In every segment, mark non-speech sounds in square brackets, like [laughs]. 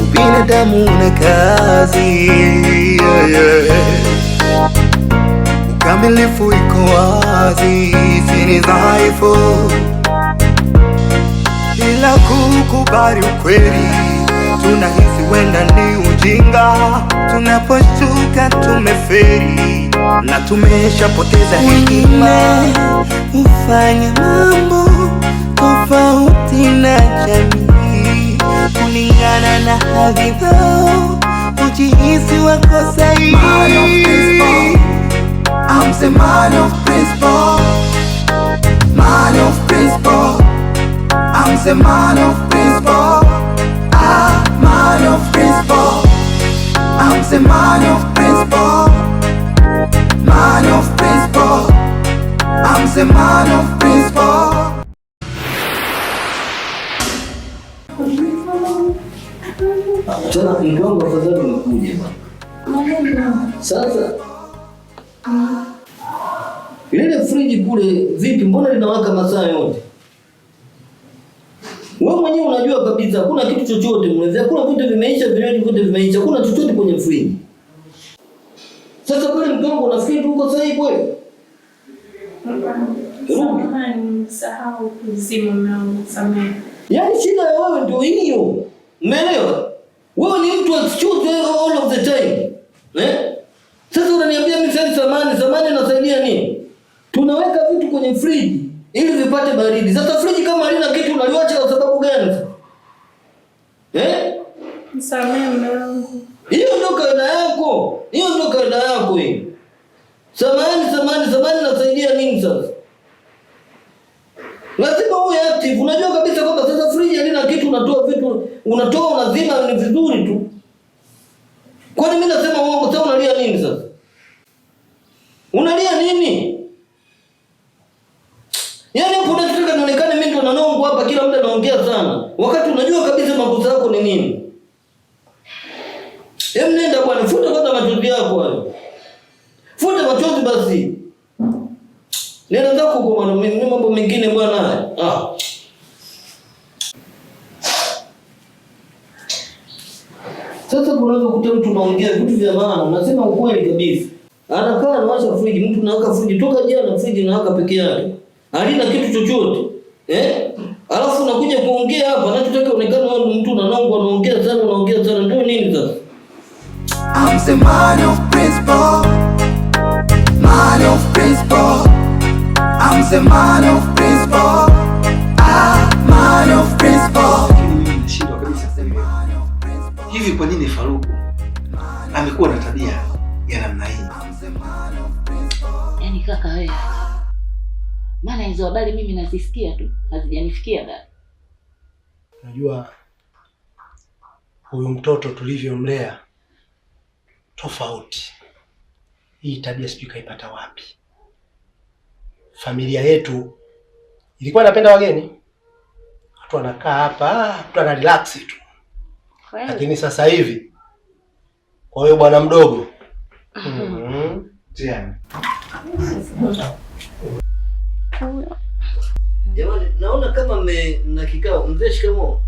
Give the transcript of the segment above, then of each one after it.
Ubinadamu una kazi yeah, yeah. Ukamilifu iko wazi, sini dhaifu ila kukubali ukweli tunahisi wenda ni ujinga tunaposhuka tumeferi na tumeshapoteza hekima. Ufanya mambo tofauti na jamii kulingana na hadhi zao, hujihisi wako sahihi. Man of principle. Man of principle. I'm the man of principle. Say money of principle, of principle. I'm the man of principle. Tena mgongo afadhali sasa. Ah. Lile friji kule vipi, mbona linawaka masaa yote? mwenyewe unajua kabisa kuna kitu chochote mwenzi, kuna vitu vimeisha, vinywaji vyote vimeisha, kuna chochote kwenye mfriji. Sasa kweli na unafikiri tuko sahihi kweli? Yaani shida ya wewe ndio hiyo. Umeelewa? Wewe ni mtu excuse all of the time. Eh? Sasa unaniambia mimi sasa samani, samani inasaidia nini? Tunaweka vitu kwenye friji ili vipate baridi. Sasa friji kama halina kitu unaliacha yangu eh? Nisamehe mume wangu. Hiyo ndo kaida yako, hiyo ndo kaida yako hii. Samahani, samahani, samahani, nasaidia nini sasa? Lazima uwe active. Unajua kabisa kwamba sasa friji halina kitu, unatoa vitu, unatoa unazima, ni vizuri tu. Kwani mimi nasema uongo? Sasa unalia nini sasa? Unalia nini? sana, wakati unajua kabisa makosa yako ni nini. Hebu nenda bwana, futa kwanza machozi yako hayo, futa machozi basi, nenda zako kwa bwana. Ni mambo mengine bwana, ah Sasa unaweza kukuta mtu unaongea vitu vya maana, unasema ukweli kabisa. Anakaa anawasha friji, mtu anaweka friji toka jana, friji nawaka peke yake. Halina kitu chochote. Eh? Alafu unakuja kuongea hapa anachotaka onekana wewe mtu unanongwa unaongea sana unaongea sana ndio nini sasa? I'm the man of principle. Man of principle. I'm the man of principle. Ah, man of principle. Hivi kwa nini Faruku amekuwa na maana hizo habari mimi nazisikia tu, hazijanifikia bado. Najua huyu mtoto tulivyomlea tofauti. Hii tabia sijui kaipata wapi. Familia yetu ilikuwa inapenda wageni, watu wanakaa hapa, mtu ana relax tu, lakini sasa hivi. Kwa hiyo bwana mdogo mm [laughs] -hmm huyo. Jamani, naona kama me, na kikao. Mzee, Shikamo.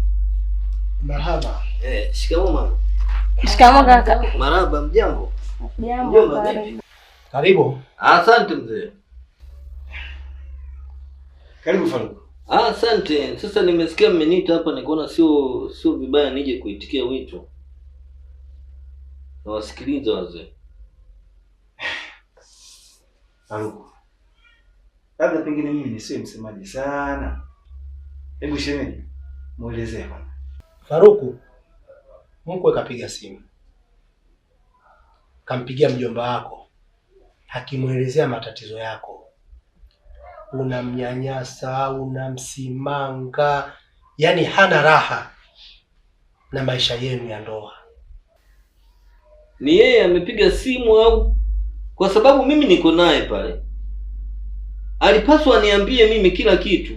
Marhaba. Eh, shikamoo mama. Shikamoo kaka. Marhaba, mjambo. Mjambo. Karibu. Asante mzee. Karibu Faruku. Asante. Sasa nimesikia mmeniita hapa, nikaona sio sio vibaya nije kuitikia wito. Nawasikiliza wazee. [sighs] Faruku labda pengine mimi nisiwe msemaji sana. Hebu shemeji, muelezee bwana. Faruku mkwe kapiga simu, kampigia mjomba wako, akimwelezea matatizo yako, unamnyanyasa, unamsimanga, yaani hana raha na maisha yenu ya ndoa. Ni yeye amepiga simu au? Kwa sababu mimi niko naye pale alipaswa aniambie mimi kila kitu,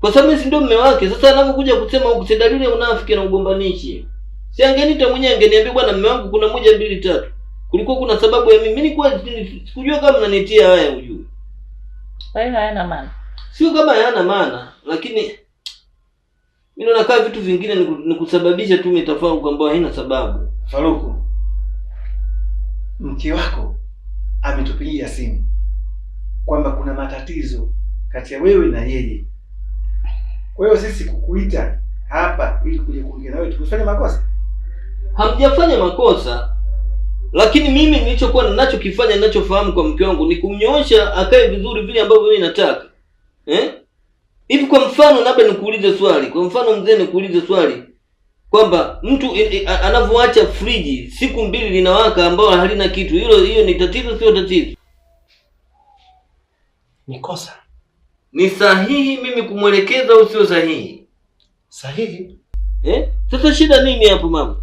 kwa sababu mimi si ndio mume wake. Sasa anapokuja kusema huku, si dalili ya unafiki na ugombanishi? Si angenita mwenyewe, angeniambia bwana, mume wangu kuna moja mbili tatu, kulikuwa kuna sababu ya mimi. Mimi nilikuwa sikujua kama mnanitia haya, ujue. Kwa hiyo hayana maana, sio kama hayana maana, lakini mimi naona kama vitu vingine ni kusababisha tu mitafaruku ambayo haina sababu. Faruku, mke wako ametupigia simu kwamba kuna matatizo kati ya wewe na yeye. Kwa hiyo sisi kukuita hapa ili kuja kuongea na wewe, tumefanya makosa? Hamjafanya makosa, lakini mimi nilichokuwa ninachokifanya ninachofahamu kwa mke wangu ni kumnyoosha akae vizuri vile ambavyo mimi nataka eh? Hivi kwa mfano, labda nikuulize swali, kwa mfano mzee, nikuulize swali kwamba mtu eh, eh, anavyoacha friji siku mbili linawaka, ambao halina kitu, hilo hiyo ni tatizo, sio tatizo? ni kosa. Ni sahihi mimi kumwelekeza au sio sahihi? Sahihi. Eh? Sasa shida nini hapo mama?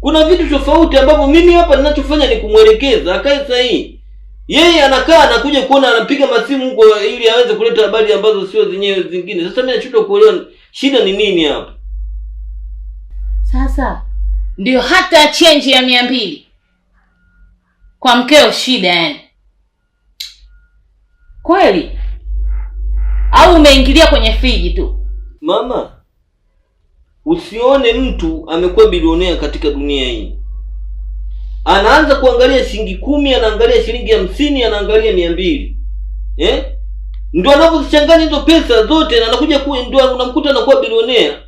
Kuna vitu tofauti ambavyo mimi hapa ninachofanya ni kumwelekeza akae sahihi. Yeye anakaa anakuja kuona anapiga masimu huko ili aweze kuleta habari ambazo sio zenyewe zingine. Sasa mimi nachotaka kuelewa shida ni nini hapa? Sasa ndio hata chenji ya mia mbili kwa mkeo shida yani kweli, au umeingilia kwenye fiji tu? Mama, usione mtu amekuwa bilionea katika dunia hii, anaanza kuangalia shilingi kumi, anaangalia shilingi hamsini, anaangalia mia mbili eh? Ndio anavyozichanganya hizo pesa zote na anakuja ku, ndio unamkuta anakuwa bilionea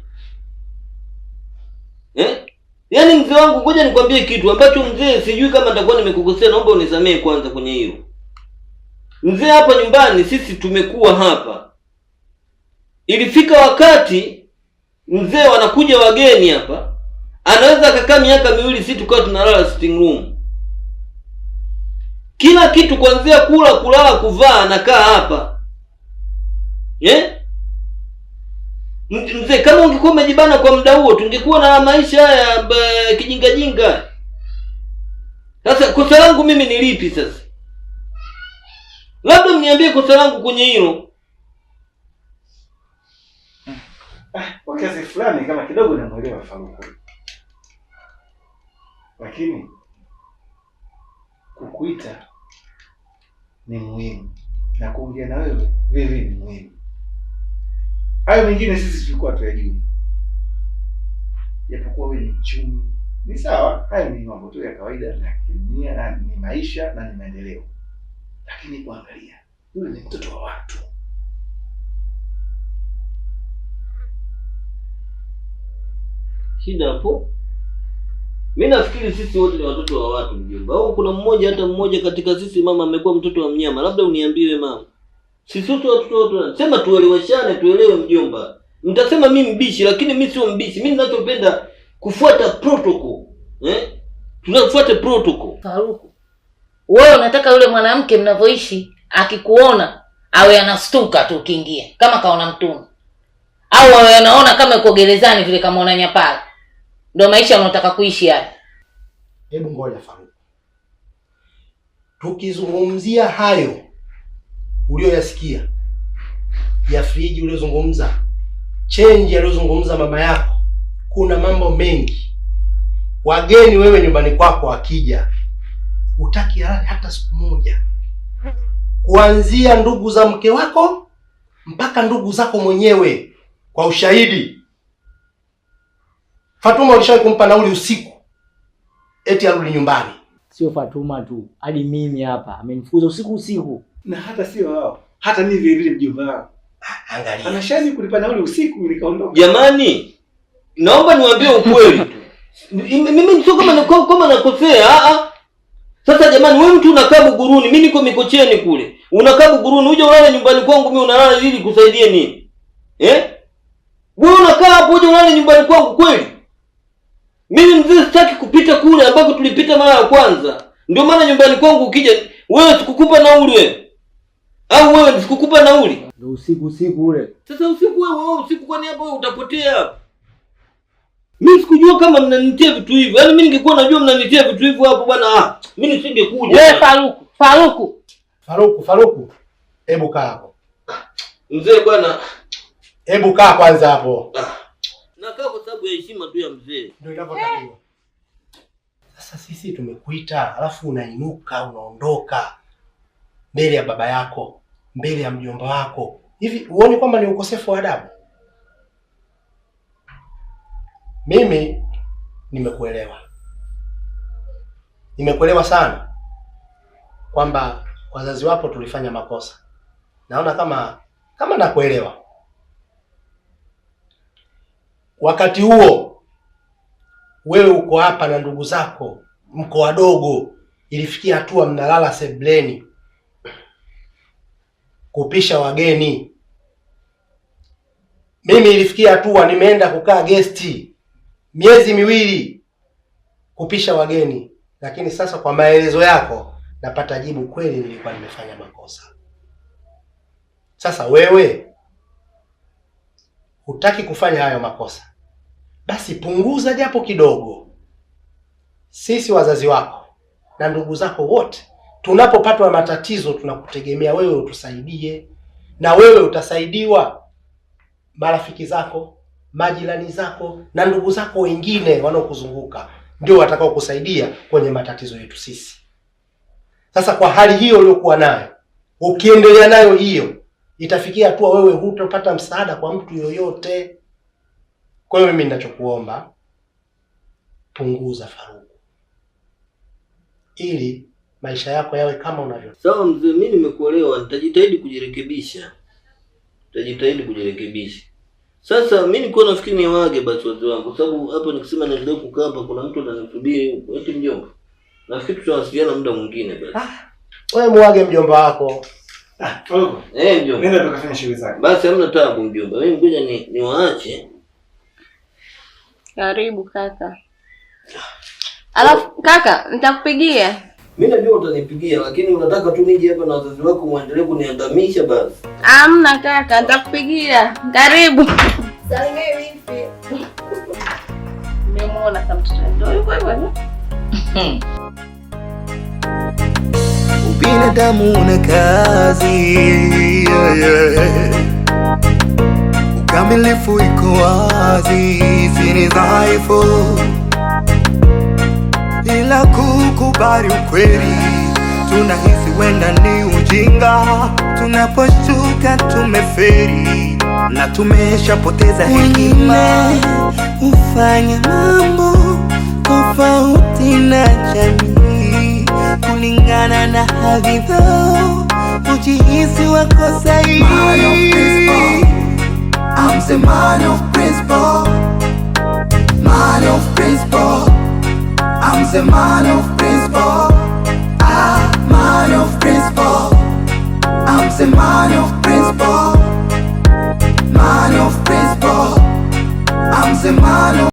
eh? Yaani mzee wangu, ngoja nikwambie kitu ambacho mzee, sijui kama nitakuwa nimekukosea, naomba unisamehe kwanza kwenye hiyo. mzee. Hapa nyumbani sisi tumekuwa hapa, ilifika wakati mzee, wanakuja wageni hapa, anaweza akakaa miaka miwili, sisi tukawa tunalala sitting room, kila kitu kuanzia kula, kulala, kuvaa, anakaa hapa eh? Mzee, kama ungekuwa umejibana kwa muda huo, tungekuwa na maisha haya kijinga jinga. Sasa kosa langu mimi ni lipi? Sasa labda mniambie kosa langu kwenye hilo. Eh, kwa kiasi fulani kama kidogo namwelewa Faruku, lakini kukuita ni muhimu na kuongea na wewe vile ni muhimu. Hayo mengine sisi tulikuwa tuyajui, japokuwa wewe ni mchumi, ni sawa. Hayo ni mambo tu ya kawaida na kimia, na ni maisha na ni maendeleo, lakini kuangalia yule ni mtoto wa watu shida hapo. Mi nafikiri sisi wote ni watoto wa watu mjomba, au kuna mmoja hata mmoja katika sisi mama amekuwa mtoto wa mnyama? Labda uniambiwe mama sisi wote watoto sema tueleweshane, tuelewe mjomba. Mtasema mimi mbishi, lakini mimi sio mbishi. Mimi ninachopenda kufuata protocol. Eh? Tunafuata protocol. Faruku. Wewe unataka yule mwanamke mnavyoishi akikuona awe anastuka tu ukiingia kama kaona mtumi. Au awe anaona kama uko gerezani vile kama una nyapala. Ndio maisha unataka kuishi haya. Yaani. Hebu ngoja Faruku. Tukizungumzia hayo ulioyasikia ya friji uliozungumza, chenji aliyozungumza mama yako, kuna mambo mengi. Wageni wewe nyumbani kwako wakija, utaki halali hata siku moja, kuanzia ndugu za mke wako mpaka ndugu zako mwenyewe, kwa ushahidi. Fatuma ulishawahi kumpa nauli usiku eti arudi nyumbani? Sio Fatuma tu, hadi mimi hapa amenifukuza usiku usiku na hata sio hao, hata mimi vile vile mjomba wao. Angalia. Anashani kulipa nauli usiku nikaondoka. Jamani, naomba niwaambie ukweli. Mimi sio kama kama nakosea, a ah, a. Ah. Sasa jamani, wewe mtu unakaa Buguruni, mimi niko Mikocheni kule. Unakaa Buguruni, uje ulale nyumbani kwangu, mimi unalala ili kusaidie nini? Eh? Wewe unakaa hapo uje ulale nyumbani kwangu kweli? Mimi mzee sitaki kupita kule ambako tulipita mara ya kwanza. Ndio maana nyumbani kwangu ukija, wewe sikukupa nauli wewe. Au wewe sikukupa nauli? Ndio usiku usiku ule. Sasa usiku wewe wewe usiku kwani hapo utapotea. Mimi sikujua kama mnanitia vitu hivyo. Yaani mimi ningekuwa najua mnanitia vitu hivyo hapo bwana. Ah, mimi nisingekuja. Wewe Faruku, Faruku. Faruku, Faruku. Hebu kaa hapo. Mzee bwana. Hebu kaa kwanza hapo. Ah, Na kaa kwa sababu ya heshima tu ya mzee. Ndio inavyotakiwa. Eh. Sasa sisi tumekuita, alafu unainuka unaondoka mbele ya baba yako, mbele ya mjomba wako. Hivi huoni kwamba ni ukosefu wa adabu? Mimi nimekuelewa, nimekuelewa sana kwamba wazazi wapo tulifanya makosa. Naona kama kama nakuelewa. Wakati huo wewe uko hapa na ndugu zako, mko wadogo, ilifikia hatua mnalala sebleni kupisha wageni. Mimi ilifikia hatua nimeenda kukaa gesti miezi miwili kupisha wageni, lakini sasa kwa maelezo yako napata jibu, kweli nilikuwa nimefanya makosa. Sasa wewe hutaki kufanya hayo makosa, basi punguza japo kidogo. Sisi wazazi wako na ndugu zako wote tunapopatwa matatizo tunakutegemea wewe utusaidie, na wewe utasaidiwa. Marafiki zako, majirani zako na ndugu zako wengine wanaokuzunguka ndio watakao kusaidia kwenye matatizo yetu sisi. Sasa kwa hali hiyo uliokuwa nayo, ukiendelea nayo hiyo, itafikia hatua wewe hutopata msaada kwa mtu yoyote. Kwa hiyo mimi ninachokuomba, punguza faruku ili maisha yako yawe kama unavyo. Sawa mzee, mimi nimekuelewa, nitajitahidi kujirekebisha, nitajitahidi kujirekebisha. Sasa mimi niko nafikiri ni wage basi wazee wangu, kwa sababu hapo nikisema naendelea kukaa hapa, kuna mtu ananisubiri huko, eti mjomba. Nafikiri tutawasiliana muda mwingine basi. Ah, wewe muage mjomba wako. Ah, eh mjomba, nenda tukafanya shughuli zako basi, hamna taabu mjomba. Mimi ngoja ni niwaache. Karibu kaka. Alafu kaka, nitakupigia mimi najua utanipigia lakini unataka tu nije hapa na wazazi wako muendelee kuniandamisha basi. Hamna kaka, nitakupigia. Karibu. Salimia vipi? Nimeona kama mtoto ndio yuko hivyo. Ubinadamu una kazi. Ukamilifu iko wazi, si dhaifu kukubari kukubali ukweli, tunahisi wenda ni ujinga tunaposhtuka tumeferi na tumeshapoteza hekima. ufanya mambo tofauti na jamii kulingana na hadhi zao, hujihisi wako sahihi. I'm the man of principle. Man of principle. I'm the man of principle. Ah, man of principle. I'm the man of principle. Man of principle. I'm the man of